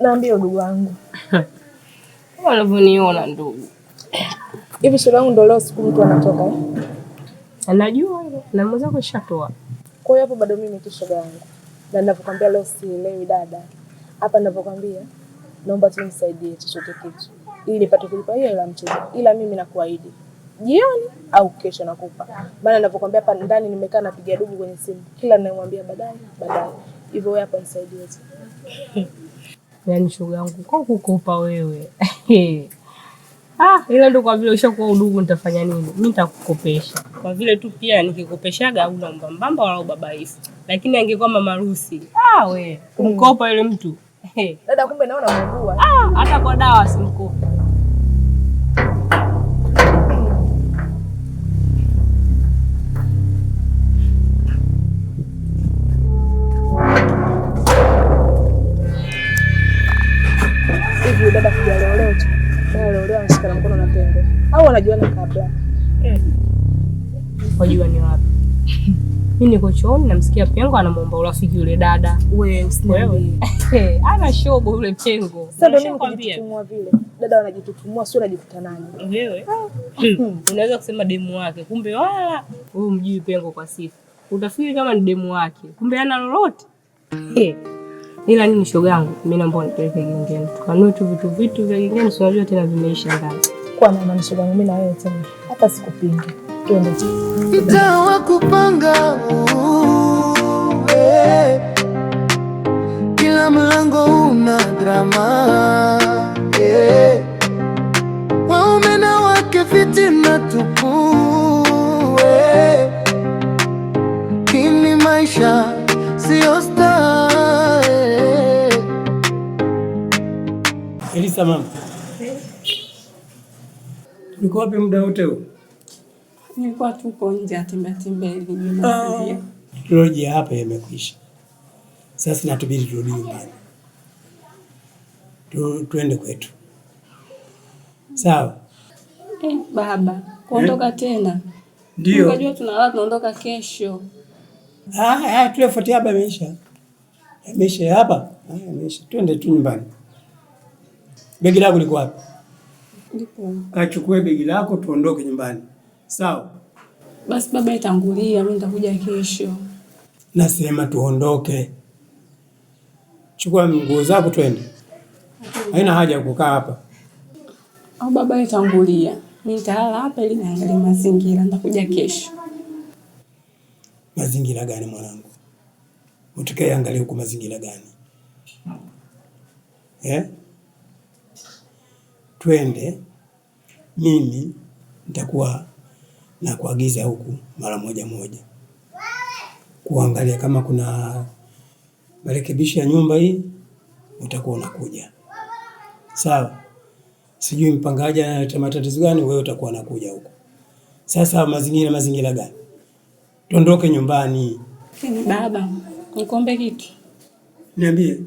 Naambia ndugu wangu wanavyoniona ndugu. Hivi shule yangu ndio leo siku mtu anatoka eh? Anajua na mwenzako shatoa. Kwa hiyo hapo bado mimi ni yangu, na ninavyokwambia leo sielewi dada, hapa ninavyokwambia, naomba tu nisaidie chochote kitu ili nipate kulipa hiyo la mchezo, ila mimi nakuahidi jioni au kesho nakupa, maana ninavyokwambia hapa ndani nimekaa napiga dubu kwenye simu, kila ninamwambia baadaye baadaye, hivyo wewe hapa nisaidie tu yaani shoga yangu kwa kukupa wewe Ah, ila ndo kwa vile ushakuwa udugu nitafanya nini? Mimi nitakukopesha. Kwa vile tu pia nikikopeshaga hauna mbambamba wala ubabaifu. Lakini angekuwa mama harusi. Ah we, kumkopa yule mtu. Dada kumbe naona muugua. Ah, hata kwa dawa simkopa. chooni, namsikia pengo anamwomba urafiki yule dada. Ana shobo yule pengo, dada wanajitutumua, sio unajikuta nani wewe. Ah. Unaweza kusema demu wake, kumbe wala huyu mjui pengo kwa sifa, utafikiri kama ni demu wake, kumbe ana lolote Ila nini, shoga yangu, mimi naomba nipeleke gengeni tukanue tu vitu vitu vya gengeni, si unajua tena vimeisha ngazi. Kwa mama, shoga yangu, mi na wewe tena hata sikupinga, twende. Itawa kupanga na drama yeah. Waume na wake fitina tupu yeah. Kini maisha yeah. Elisa mama, wapi muda wote huu? Nilikuwa tuko nje atembea tembea hivi. Ah. Roji hapa imekwisha sasa, natubidi turudi nyumbani tu, tuende kwetu sawa. Eh, baba kuondoka eh? Tena ndio unajua tunalala tunaondoka kesho. Ah, ah tuliyofuatia hapa imeisha, imeisha eh, hapa imeisha, ah, twende tu nyumbani. Begi lako liko wapi? Kachukue begi lako tuondoke nyumbani, sawa? Basi baba itangulia, mimi nitakuja kesho. Nasema tuondoke, chukua nguo zako twende. Haina haja ya kukaa hapa. Au baba yetangulia, mi nitalala hapa ili niangalie mazingira, nitakuja kesho. Mazingira gani mwanangu? Utakaye angalie huko mazingira gani eh? Twende, mimi nitakuwa nakuagiza huku mara moja moja kuangalia kama kuna marekebisho ya nyumba hii, utakuwa unakuja sawa. Sijui mpangaji ana matatizo gani, wewe utakuwa nakuja huko. Sasa mazingira mazingira gani? Tondoke nyumbani. Baba, nikuombe kitu. Niambie.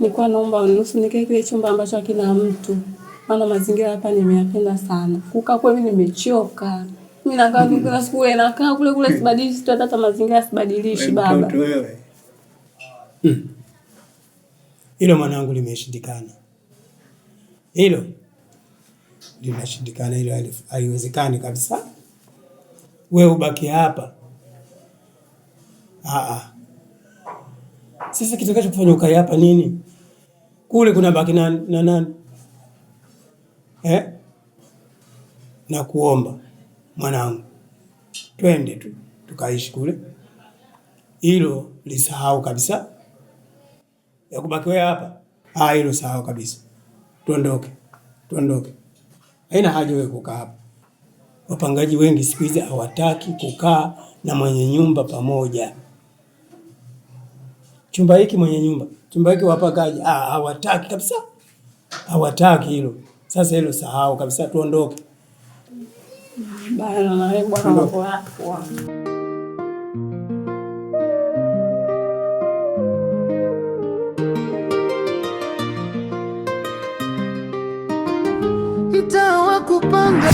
Nilikuwa naomba unusu nikae kile chumba ambacho hakina mtu. Maana mazingira hapa nimeyapenda sana. Kukaa kwa mimi nimechoka. Mimi nakaa kila siku ile nakaa kule kule sibadilishi tu hata mazingira sibadilishi baba. Wewe. Hmm. Hilo mwanangu limeshindikana. Hilo linashindikana, hilo haiwezekani kabisa. We ubaki hapa. Aa, sasa kitakacho kufanya ukae hapa nini? Kule kuna baki na na nani eh? na kuomba mwanangu, twende tu tukaishi kule. Hilo lisahau kabisa, ya kubaki wewe hapa. Ah, hilo sahau kabisa, tuondoke tuondoke. Haina haja wewe kukaa hapa. Wapangaji wengi siku hizi hawataki kukaa na mwenye nyumba pamoja. Chumba hiki mwenye nyumba, chumba hiki wapakaji, ah, hawataki kabisa, hawataki hilo. Sasa hilo sahau kabisa, tuondoke bana. kupanga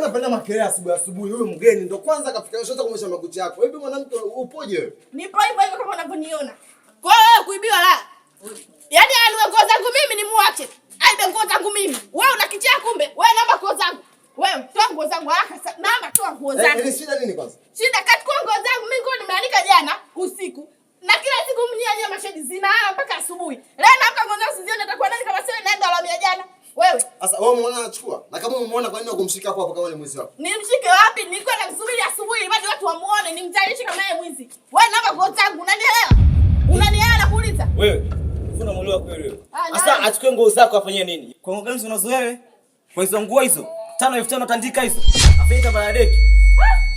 Napenda makelele asubuhi asubuhi, huyu mgeni ndo kwanza kafika kuonyesha makucha yako. Hivi mwanamke upoje wewe? Nipo hivyo hivyo kama unavyoniona. Kwa hiyo kuibiwa la. Yaani alue nguo zangu mimi nimwache. Aibe nguo zangu mimi. Wewe una kichaa kumbe. Wewe namba nguo zangu. Wewe toa nguo zangu haraka. Namba toa nguo eh, zangu. Eh, shida nini kwanza? Shida kati Kwa hiyo umeona anachukua. Na kama umeona kwa nini ukumshika hapo hapo kama mwizi wako? Nimshike wapi? Nilikuwa namsubiri asubuhi ili watu wamuone, nimtalishe kama yeye mwizi. Wewe naomba kwa tangu, unanielewa? Unanielewa na kuuliza? Wewe. Kuna mwelewa kweli wewe. Ah, Sasa achukue nguo zako afanyie nini? Kwa nguo gani unazo wewe? Kwa hizo nguo hizo. Tano elfu tano tandika hizo. Afanye bala deki.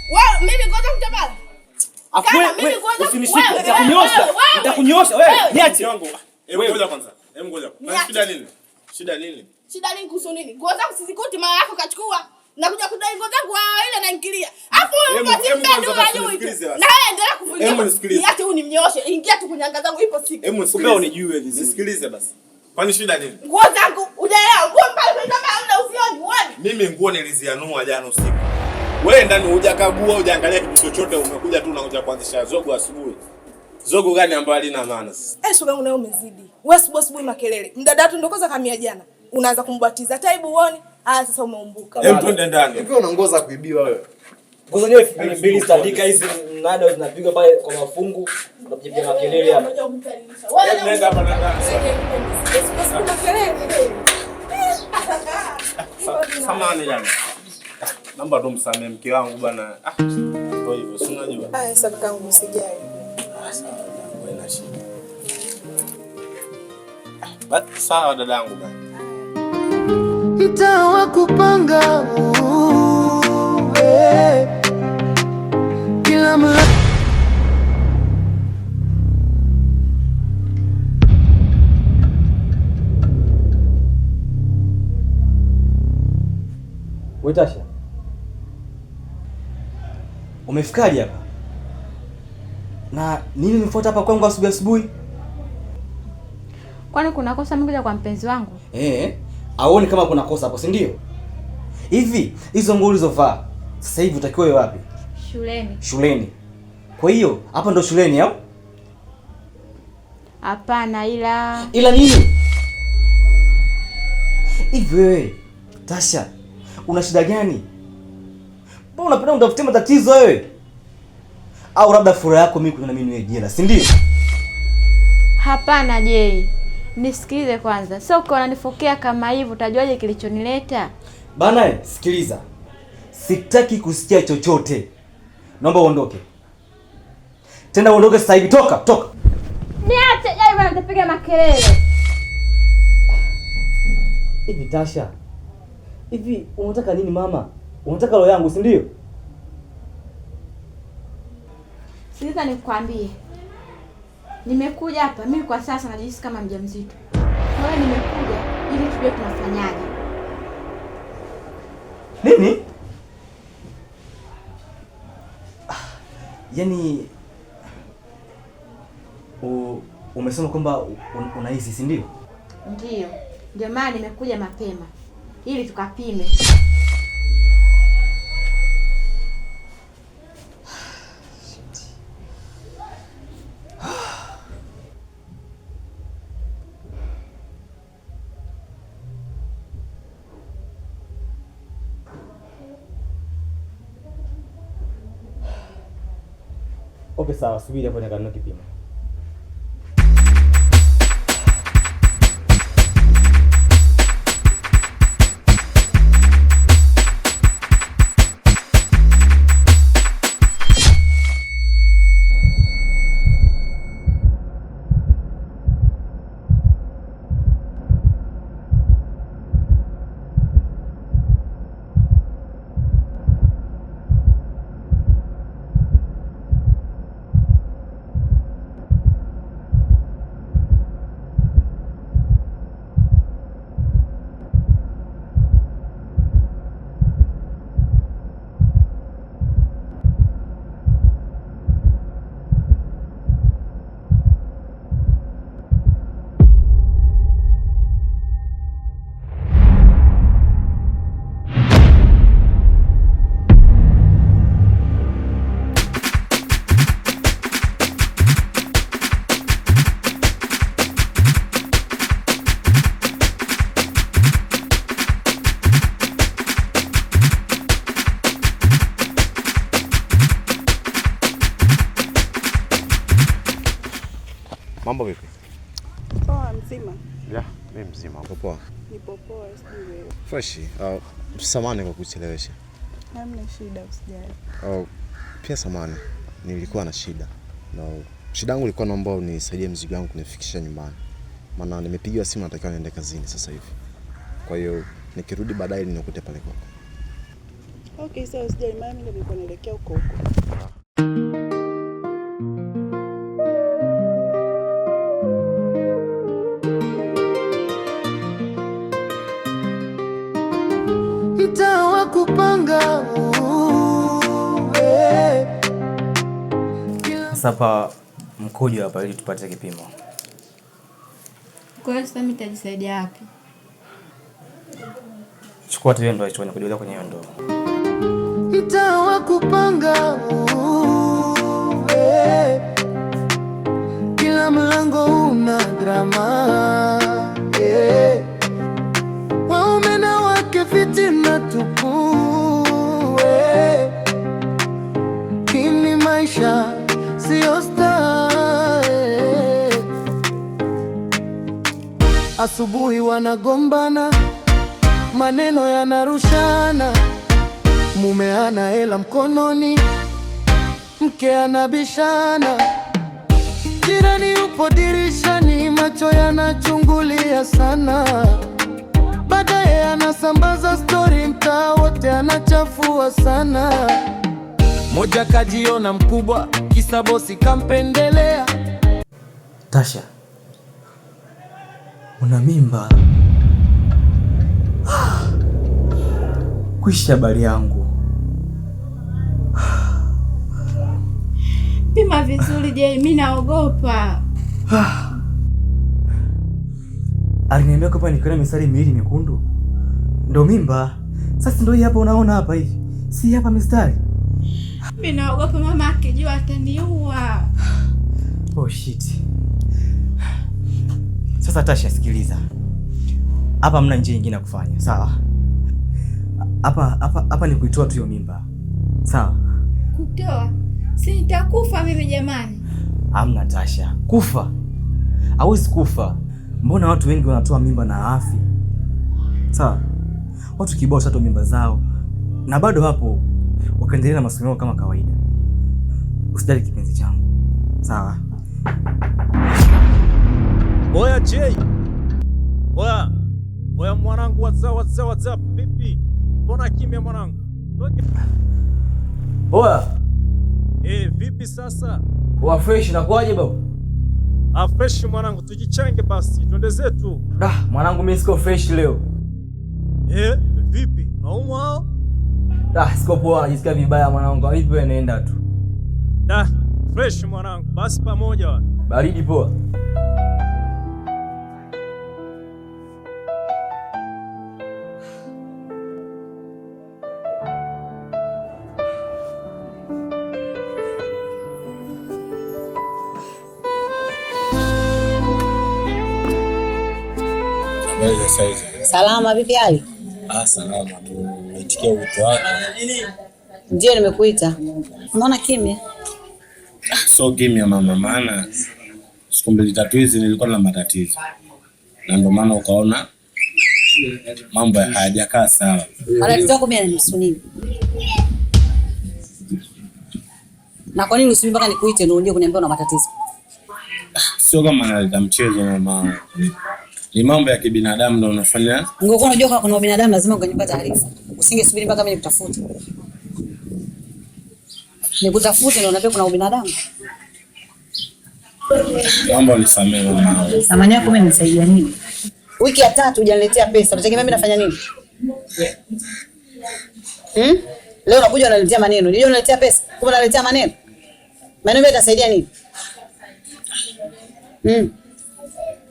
Wewe mimi ngoja kutabala. Afu mimi Usinishike, nitakunyosha. Nitakunyosha wewe. Niache. Wewe ngoja kwanza. Hebu ngoja. Shida nini? Shida nini? Shida nini kuhusu nini? Nguo zangu sizikuti mara yako kachukua. Nakuja kudai nguo zangu wao ah, ile naingilia. Alafu na wewe endelea kuvuja. Hebu nisikilize. Niache huyu nimnyoshe. Ingia tu kwenye anga zangu ipo siku. Hebu sikia Unijue vizuri. Nisikilize basi. Kwani shida nini? Nguo zangu unaelewa? Nguo mbali mbali kama hamna usioni uone. Mimi nguo nilizianua jana usiku. Wewe ndani hujakagua, hujaangalia kitu chochote, umekuja tu unakuja kuanzisha zogo asubuhi. Zogo gani ambayo halina maana sasa? Eh, shoga, unayo umezidi. Wewe subuhi asubuhi makelele. Mdada tu ndio kwanza kamia jana unaanza kumbatiza hata hebu uone. Ah, sasa umeumbuka. Hebu twende ndani. Hivi unaongoza kuibiwa wewe. Ngozo nyewe fikiri mbili mbili standika hizi mnada zinapigwa pale kwa mafungu na kujipiga makelele hapa. Nenda hapa ndani. Sasa na kelele. Samahani jamani. Naomba tu msamee mke wangu bwana. Ah, ndio hivyo, si unajua. Ah, sasa kangu usijali. Ah, sawa dadangu bwana nitawakupanga uwe kila mla Wetasha, umefikaje hapa na nini? Nifuata hapa kwangu asubuhi asubuhi, kwani kuna kosa mimi kuja kwa mpenzi wangu eh? aone kama kuna kosa hapo, si ndio? Hivi hizo nguo ulizovaa sasa hivi utakiwa wewe wapi? Shuleni. Shuleni. Kwa hiyo hapa ndo shuleni au? Hapana, ila ila nini? Hivi wewe Tasha, una shida gani? Mbona unapenda utafutie matatizo wewe? Au labda furaha yako mimi kuna mimi niwe jela, si ndio? Hapana, Jei nisikilize kwanza. Sio uko unanifokea kama hivyo, utajuaje kilichonileta bana? Sikiliza, sitaki kusikia chochote, naomba uondoke. Tenda uondoke sasa hivi, toka toka. Niache jai bwana, nitapiga makelele. Hivi Tasha, hivi unataka nini mama? Unataka roho yangu, si ndio? Sikiliza nikwambie Nimekuja hapa mimi kwa sasa najihisi kama mjamzito. Kwa hiyo nimekuja ili tujue tunafanyaje. Nini? yaani umesema kwamba unahisi, si ndio? Ndio. Ndio maana nimekuja mapema ili tukapime. sawa, subiri hapo nikanunue kipimo. fresh. Uh, samani kwa kuchelewesha. Hamna shida, usijali. Uh, pia samani, nilikuwa na shida na no. Shida yangu ilikuwa naomba unisaidie mzigo wangu kunifikisha nyumbani, maana nimepigiwa simu, natakiwa niende kazini sasa hivi. Kwa hiyo nikirudi baadaye ninakuta pale kwako. Okay, sawa, usijali, mimi nilikuwa naelekea huko huko. Sasa hapa mkojo hapa ili tupate kipimo. Kwa hiyo sasa mimi nitajisaidia wapi? Chukua tile ndo hicho kujulia kwenye hiyo ndo. Nitawa kupanga kila mlango una drama Asubuhi wanagombana, maneno yanarushana, mume ana hela mkononi, mke anabishana, jirani yupo dirishani, macho yanachungulia sana, baadaye anasambaza stori, mtaa wote anachafua sana. Moja kajiona mkubwa, kisa bosi kampendelea Tasha una mimba. Kuishi habari yangu. Pima vizuri je, mimi naogopa. Aliniambia kwamba nikiona mistari miwili mekundu ndo mimba. Sasa ndo hii hapa, unaona hapa hivi, si hapa mistari. Mimi naogopa mama akijua ataniua. Oh shit. Sasa Tasha, sikiliza hapa, mna njia nyingine ya kufanya sawa? Hapa hapa hapa ni kuitoa tu hiyo mimba sawa? Kutoa? Si nitakufa mimi jamani. Amna Tasha, kufa hawezi kufa. Mbona watu wengi wanatoa mimba na afi? Sawa, watu kibao shatoa mimba zao na bado hapo wakaendelea na masomo yao kama kawaida. Usijali kipenzi changu, sawa? Oya J. Oya. Oya mwanangu, what's what's up, up, what's up? vipi? Mbona kimya mwanangu? Oya. Eh, vipi sasa? Wa fresh na kwaje babu? Ah, fresh mwanangu, tujichange basi. Twende zetu. Da, mwanangu mimi siko fresh leo. Eh, vipi? Naumwa Da, siko poa, najisikia vibaya mwanangu. Vipi wewe naenda tu. Da, fresh mwanangu. Basi pamoja. Baridi poa. Salama, vipi hali? Ah, salama. tu. Naitikia wito wako. Ndio nimekuita. Mbona kimya? So kimya mama, maana siku mbili tatu hizi nilikuwa na matatizo, na ndio maana ukaona mambo hayajakaa sawa. Matatizo yako mimi yanahusu nini? Na kwa nini usimi mpaka nikuite ndio uje kuniambia una matatizo? Ah, sio kama naleta mchezo mama ni mambo ya kibinadamu ndio unafanya. Ungekuwa unajua kuna binadamu lazima ungenipa taarifa. Usingesubiri mpaka mimi nikutafute. Nikutafute ndio unajua kuna binadamu. Naomba nisamehe mama. Samani yako mimi nisaidia nini? Wiki ya tatu hujaniletea pesa. Unategemea mimi nafanya nini? Hmm? Leo unakuja unaletea maneno. Unajua unaletea pesa. Kumbe unaletea maneno. Maneno yatasaidia nini? Hmm.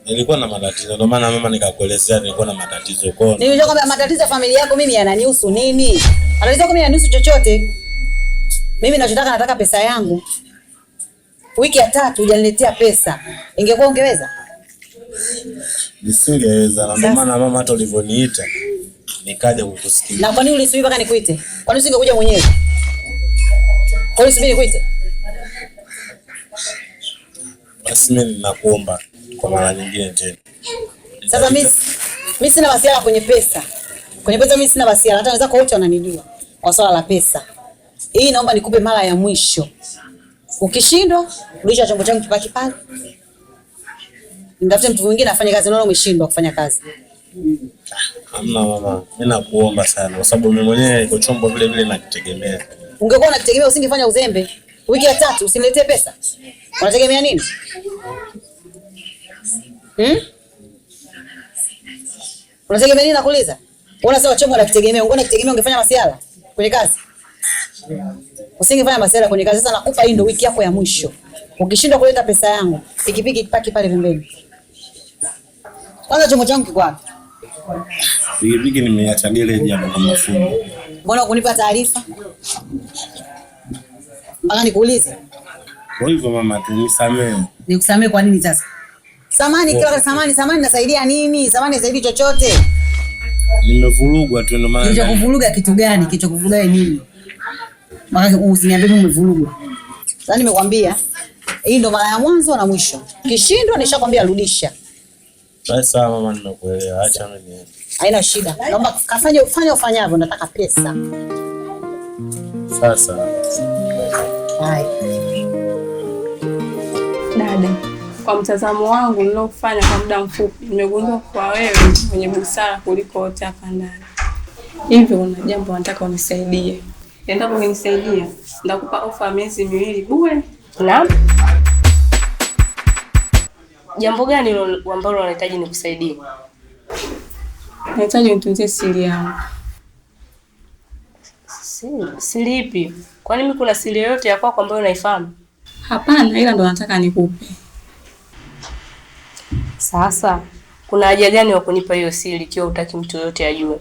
Nilikuwa na matatizo ndio maana mama nikakuelezea nilikuwa na matatizo kwa. nini? Nilijua kwamba matatizo ya familia yako mimi yananihusu nini? Anaweza kwa mimi yananihusu chochote. Mimi ninachotaka nataka pesa yangu. Wiki ya tatu hujaniletea pesa. Ingekuwa ungeweza? Nisingeweza. Ndio maana mama hata ulivyoniita nikaja kukusikia. Na kwa nini ulisubiri mpaka nikuite? Kwa nini usingekuja mwenyewe? Kwa nini usubiri nikuite? Basi mimi ninakuomba kwa mara nyingine tena. Sasa mimi mimi sina wasiala kwenye pesa. Kwenye pesa mimi sina wasiala. Hata naweza kwa wote wananijua kwa swala la pesa. Hii naomba nikupe mara ya mwisho. Ukishindwa, rudisha chombo changu kibaki pale. Ndafute mtu mwingine afanye kazi, nalo, umeshindwa kufanya kazi. Hamna mama, mimi nakuomba sana kwa sababu mimi mwenyewe iko chombo vile vile nakitegemea. Ungekuwa unakitegemea usingefanya uzembe. Wiki ya tatu usiniletee pesa. Unategemea nini? Hmm? Unategemea nini nakuuliza? Unaona sasa chongo anakutegemea, Ungeona kitegemea ungefanya masiala kwenye kazi. Usingefanya masiala kwenye kazi. Sasa nakupa hii ndio wiki yako ya mwisho. Ukishindwa kuleta pesa yangu, pikipiki ipaki pale pembeni. Kwanza chongo changu kiko wapi? Pikipiki nimeacha gereji hapo kwa mafundi. Mbona kunipa taarifa? Mpaka nikuulize. Kwa hivyo mama, tunisamehe. Nikusamehe kwa nini sasa? Samani kila wakati samani, samani nasaidia nini? Samani nasaidia chochote. Nimevurugwa tu ndio maana. Kilicho kuvuruga kitu gani? Kilicho kuvuruga nini? Maka uh, usiniambie mimi umevurugwa. Sasa nimekwambia hii ndio mara ya mwanzo na mwisho. Kishindwa nishakwambia rudisha. sawa mama, nimekuelewa. Acha mimi Haina shida. Naomba kafanye ufanye ufanyavyo, nataka pesa. Sasa. Hai. Dada kwa mtazamo wangu nilofanya kwa muda mfupi, nimegundua kwa wewe mwenye busara kuliko wote hapa ndani. Hivyo una jambo nataka unisaidie. Endapo unisaidia, nitakupa ofa ya miezi miwili bure. Naam. Jambo gani lo ambalo unahitaji nikusaidie? Nahitaji unitunzie siri yangu. Siri ipi? Kwani mimi kuna siri yoyote ya kwako ambayo unaifahamu? Hapana, ila ndo nataka nikupe. Sasa kuna haja gani wa kunipa hiyo siri ikiwa utaki mtu yoyote ajue?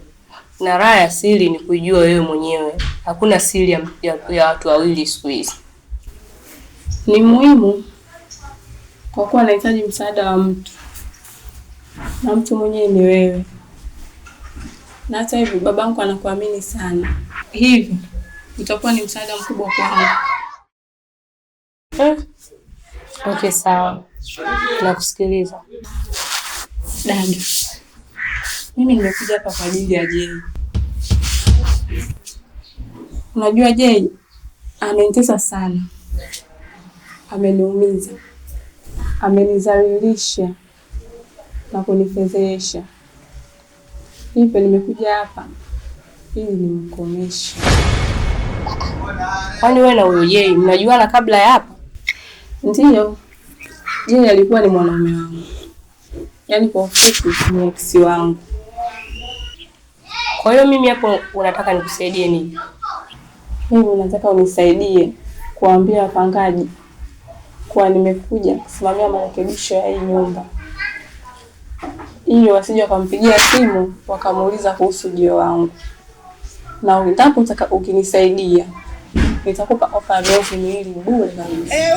Na raha ya siri ni kuijua wewe mwenyewe. Hakuna siri ya, ya, ya watu wawili siku hizi. Ni muhimu kwa kuwa anahitaji msaada wa mtu, na mtu mwenyewe ni wewe. Na hata hivyo babangu anakuamini sana, hivi utakuwa ni msaada mkubwa kwangu. Eh, okay, sawa, nakusikiliza. Dada, mimi nimekuja hapa kwa ajili ya Jei. Unajua Jei amenitesa sana, ameniumiza, amenizalilisha na kunifedhesha, hivyo nimekuja hapa ili nimkomeshe. Kwani wewe na huyo Jei mnajuana kabla ya hapa? Ndiyo, Jei alikuwa ni mwanaume wangu yani kwa ufupi ni ex wangu. Kwa hiyo mimi hapo unataka nikusaidie nini? Mimi nataka unisaidie kuambia wapangaji kuwa nimekuja kusimamia marekebisho ya hii nyumba, ili wasije wakampigia simu wakamuuliza kuhusu ujio wangu, na endapo ukinisaidia nitakupa ofa ya miezi miwili bure kabisa. Eh,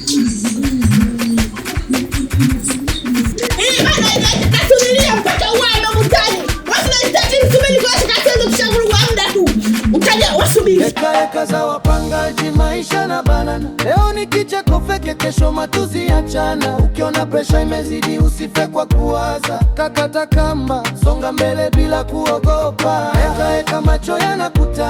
Hekaheka za wapangaji maisha na banana, leo ni kicheko feke, kesho matuzi ya chana. Ukiona presha imezidi, usife kwa kuwaza, kakata kamba, songa mbele bila kuogopa. Hekaheka macho yanakuta